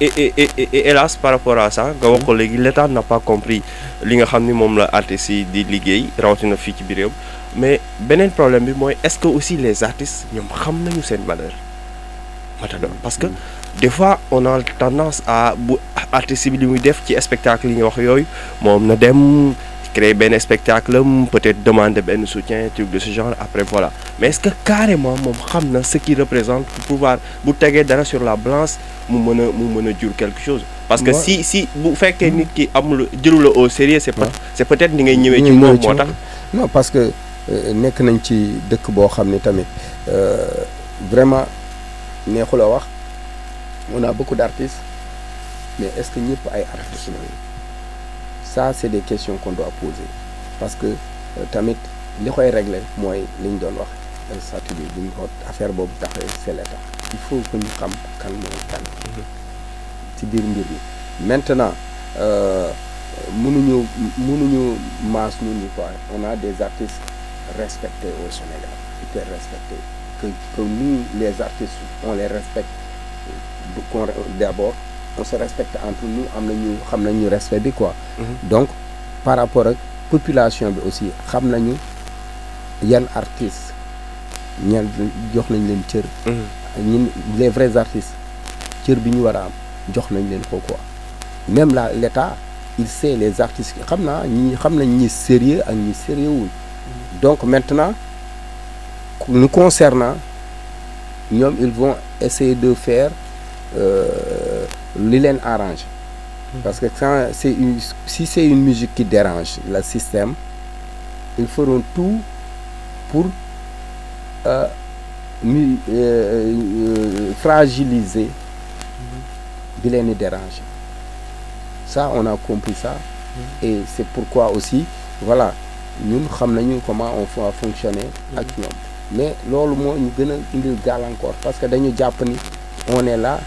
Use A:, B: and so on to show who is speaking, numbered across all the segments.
A: et e, e, e, hélas par rapport à ça nga wax ko léegi l'état n'a pas compris li nga xam ni moom la artistes yi di liggéey rawatina fii ci biir réew mais beneen problème bi mooy est-ce que aussi les artistes ñoom xam nañu seen valeur matador parce que mm-hmm. des fois on a tendance à bu artiste bi li muy def ci spectacle yi nga wax yooyu moom na dem. créer benn spectacle am peut-être demander benn soutien truc de ce genre après voilà mais est-ce que carrément moom xam na ce qui représente pour pouvoir bu tegee dara sur la balance mu mën a mu mën a jur quelque chose parce que si si bu fekkee nit ki amul jëlu la au sérieux c'est c'est peut-être ni ngay ñëwee ci moom moo tax
B: non parce que euh, nekk nañ ci dëkk boo xam ne tamit euh, vraiment neexu la wax on naa beaucoup d'artistes mais est-ce que ñëpp ay artistes ça c' est des questions qu'on doit parce que euh, tamit li koy régler mooy li doon wax statut bi ñu ko affaire boobu taxee c'est l'état il faut que ñu xam kan mooy kan ci biir mbir mi maintenant euh, mënuñu mënuñu maas ñun ni quoi on a des artistes respectés au Sénégal hyper respectés que que nous les artistes on les respecte d'abord on se respecte entre nous am nañu xam nañu respect bi quoi. Mhm. donc par rapport ak population bi aussi xam nañu yan artistes ñan jox nañ leen cër. Mhm. ñun les vrais artistes cër bi ñu war a am jox nañ leen ko quoi même la l' état il sait les artistes xam naa ñi xam nañ ñi sérieux ak ñi sérieux wul mhm. donc maintenant nous concernant ñoom ils vont essayer de faire. Euh, li leen arrange parce que quand c'est une si c'est une musique qui dérange la système il feront tout pour euh, mu euh, euh fragiliser bi leen di déranger ça on a compris ça et c'est pourquoi aussi voilà ñun xam nañu comment on va fonctionner ak ñoom mais loolu moo ñu gën a indil gàllankoor parce que dañu jàpp ni on est là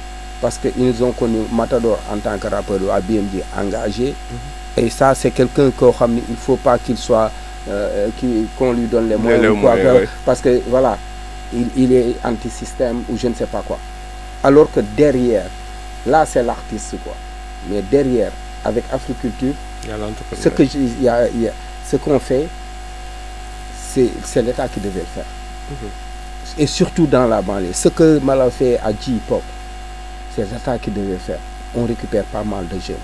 B: parce qu'ils ont connu Matador en tant que rappeur waa BMG engagé. Mhm. et ça c' quelqu'un koo xam ni il faut pas qu'il soit euh, qui qu'on lui donne les moyens ou quoi parce que voilà il est anti-système ou je ne sais pas quoi alors que derrière là c'est l'artiste quoi mais derrière avec Africulture ce que je, y a, y a, qu'on fait c'est l'État qui devait le faire mhm. et surtout dans la banlieue ce que Mala fait à j ces attaques qu'ils devaient faire, on récupère pas mal de jeunes.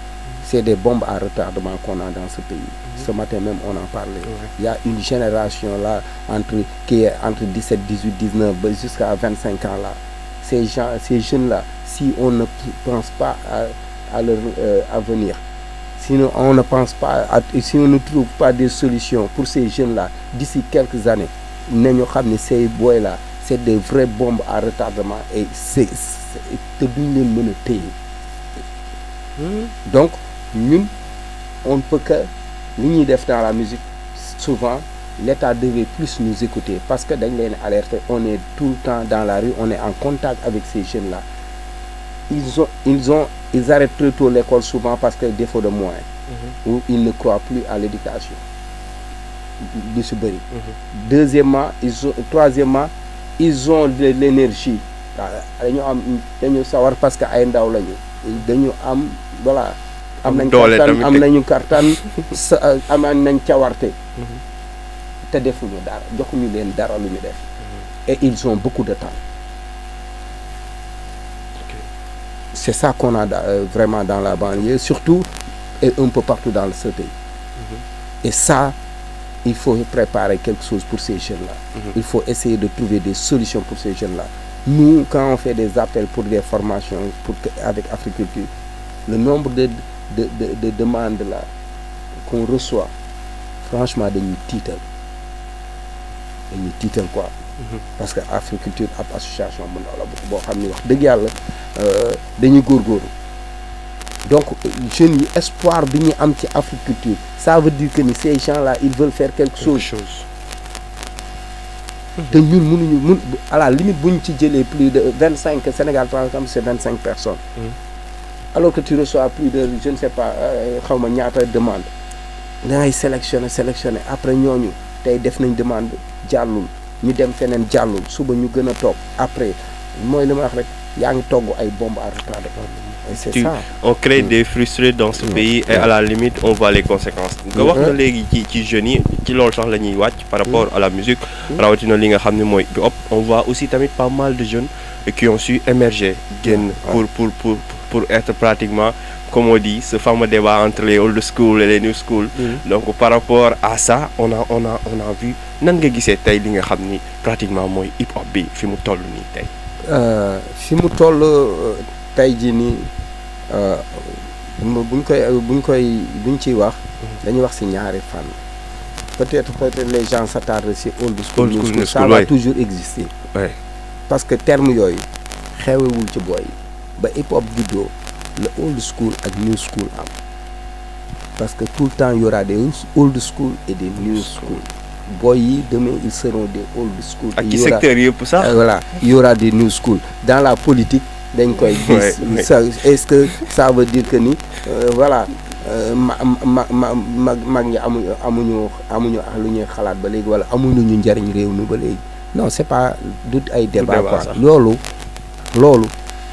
B: C'est des bombes à retardement qu'on a dans ce pays. Mmh. Ce matin même, on en parlait. Mmh. Il y a une génération là, entre, qui est entre 17, 18, 19, jusqu'à 25 ans là. Ces, jeunes-là, si on ne pense pas à, à leur euh, avenir, si on ne pense pas, à, si on ne trouve pas des solutions pour ces jeunes-là, d'ici quelques années, nous savons que ces boys-là, c' est des vraies bombes à retardement et c' te duñ leen mën hmm? donc ñun on ne peut que li ñuy def dans la musique souvent l'État devait plus nous écouter parce que dañ leen alerter on est tout le temps dans la rue on est en contact avec ces jeunes là ils ont ils arrêtent très tôt l'école souvent parce que défaut de moyens mm-hmm. ou mmh. ils ne croient plus à l'éducation du su bëri mm-hmm. deuxièmement ils ont troisièmement ils ont de l'énergie voilà dañu am dañu sawar parce que ay ndaw lañu dañu am voilà am nañ kartan am nañu kartan sa am nañ cawarte mhm. te defuñu dara joxuñu leen dara lu ñu def mhm. et ils ont beaucoup de temps c'est ça qu'on a euh, vraiment dans la banlieue surtout et un peu partout dans ce pays mhm. et ça il faut préparer quelque chose pour ces jeune la Mmh. Il faut essayer de trouver des solutions pour ces jeunes la Nous, quand on fait des appels pour des formations pour, que avec Africulture, le nombre de, de, de, de demandes là qu'on reçoit, franchement, dañuy tiital dañuy tiital quoi. Mhm. parce que Africulture ab association bu ndaw la boo xam ni dëgg yàlla euh, dañuy góorgóorlu. donc jeunes yi espoir bi ñu am ci africulture ça veut dire que ni ces gens là ils veulent faire quelque chose. te ñun mënuñu mun à la bu ñu ci jëlee plus de vingt cinq Sénégal par exemple c' est vingt cinq personnes. Mm. alors que tu reçois plus de je ne sais pas euh, xaw ma ñaata demande da ngay sélectionné sélectionné après ñooñu tey def nañ demande jàllul ñu dem feneen jàllul suba ñu gën a toog après mooy li ma wax rek yaa ngi togg ay bombe à retardement. tu ça. on crée
A: des frustrés dans ce mm. pays et à la limite on voit les conséquences nga mm-hmm. wax na léegi ci ci jeunes yi ci loolu sax la ñuy wàcc par rapport mm. à la musique mm. rawatina li nga xam ne mooy hip on voit aussi tamit pas mal de jeunes qui ont su émerger génn pour pour pour être pratiquement comme on dit ce fameux débat entre les old school et les new school donc par rapport à ça on a on a on vu nan nga gisee tey li nga xam ni pratiquement mooy hip-hop bi fi mu toll nii tey
B: euh, fi mu euh, tey jii nii euh, buñ koy buñ koy buñ ciy wax. dañuy wax si ñaari fànn. peut-être peut-être les gens s'attardent si old school. old school ça va toujours exister. parce que terme yooyu xewewul ci booy ba hip hop juddoo la old school ak new school am parce que tout le temps y aura des old school et des new school. boy yi demain ils seront des old school. ak ci secteur yëpp sax voilà y aura des new school dans la politique. dañ koy gis ça est-ce que ça veut dire que ni euh, voilà euh, ma ma ma mag mag ñi amuñu amuñu amuñu lu ñuy xalaat ba léegi wala amuñu ñu njariñ réew mi ba léegi non c'est pas du ay débat quoi loolu loolu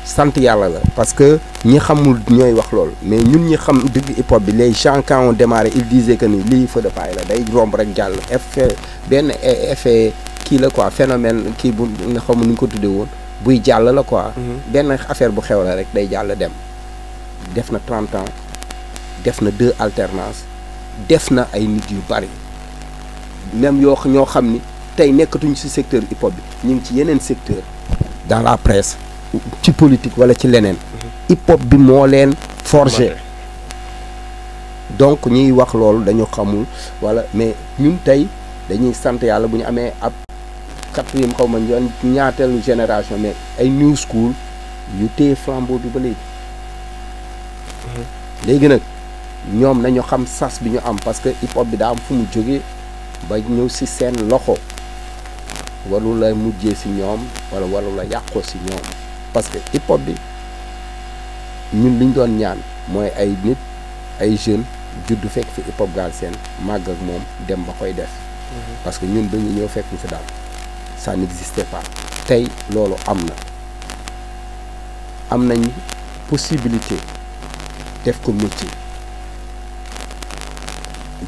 B: sant yàlla la parce que ñi xamul ñooy wax loolu mais ñun ñi xam dëgg hip hop bi les gens quand on démarré ils disaient que ni lii feu de paille la day romb rek jàll effet benn effet kii la quoi phénomène kii bu nga xam nu ñu ko tuddee woon buy jàll la quoi. Mhm. benn affaire bu xew la rek day jàll dem. def na trente ans def na deux alternance def na ay nit yu bari même yoo ñoo xam ni tey nekkatuñ ci secteur hip hop bi ñu ngi ci yeneen secteur dans la presse ci politique walla ci leneen. Mhm. hip hop bi moo leen forge donc ñuy wax loolu dañu xamul walla mais ñun tey dañuy sant yàlla bu ñu amee ab. quatrième xaw ma ñaateelu génération mais ay new school yu téye flambeau bi ba léegi mm-hmm. léegi nag ñoom nañu xam sas bi ñu am parce que hip hop bi daa am fu mu jógee ba ñëw si seen loxo waru la mujjee si ñoom wala waru la yàqoo si ñoom parce que hip hop bi ñun liñ doon ñaan mooy ay nit ay jeunes juddu fekk fi hip hop seen màgg ak moom dem ba koy def mm-hmm. parce que ñun dañu ñëw fekk ñu fi daal ça n'existait pas tey loolu am na am nañ possibilité def ko métier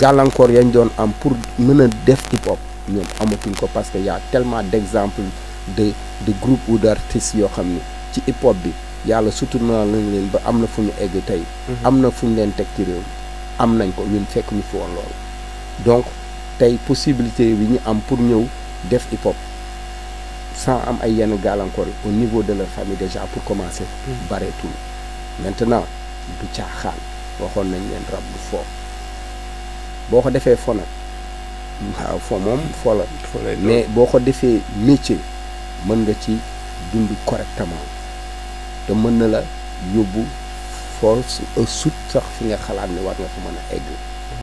B: gàllankoor yañ doon am pour mën a def hip hop ñoom amatuñ ko parce que y' a tellement d' exemples de de groupes ou d' yoo xam ne ci hip hop bi yàlla suturaal lañ leen ba am na fu ñu egg tey. Mhm. am na fu ñu leen teg ci réew am nañ ko ñun fekk ñu fi woon loolu donc tey possibilité bi ñu am pour ñëw def hip hop. sans am ay yenn gàllankoor au niveau de leur famille déjà pour commencer. Mm. bareetul maintenant du caaxaan waxoon nañ leen rab du fo boo ko defee fo nag waaw fo moom fo la. mais boo ko defee métier mën nga ci dund correctement te mën na la yóbbu force sut sax fi nga xalaat ne war nga fa mën a egg.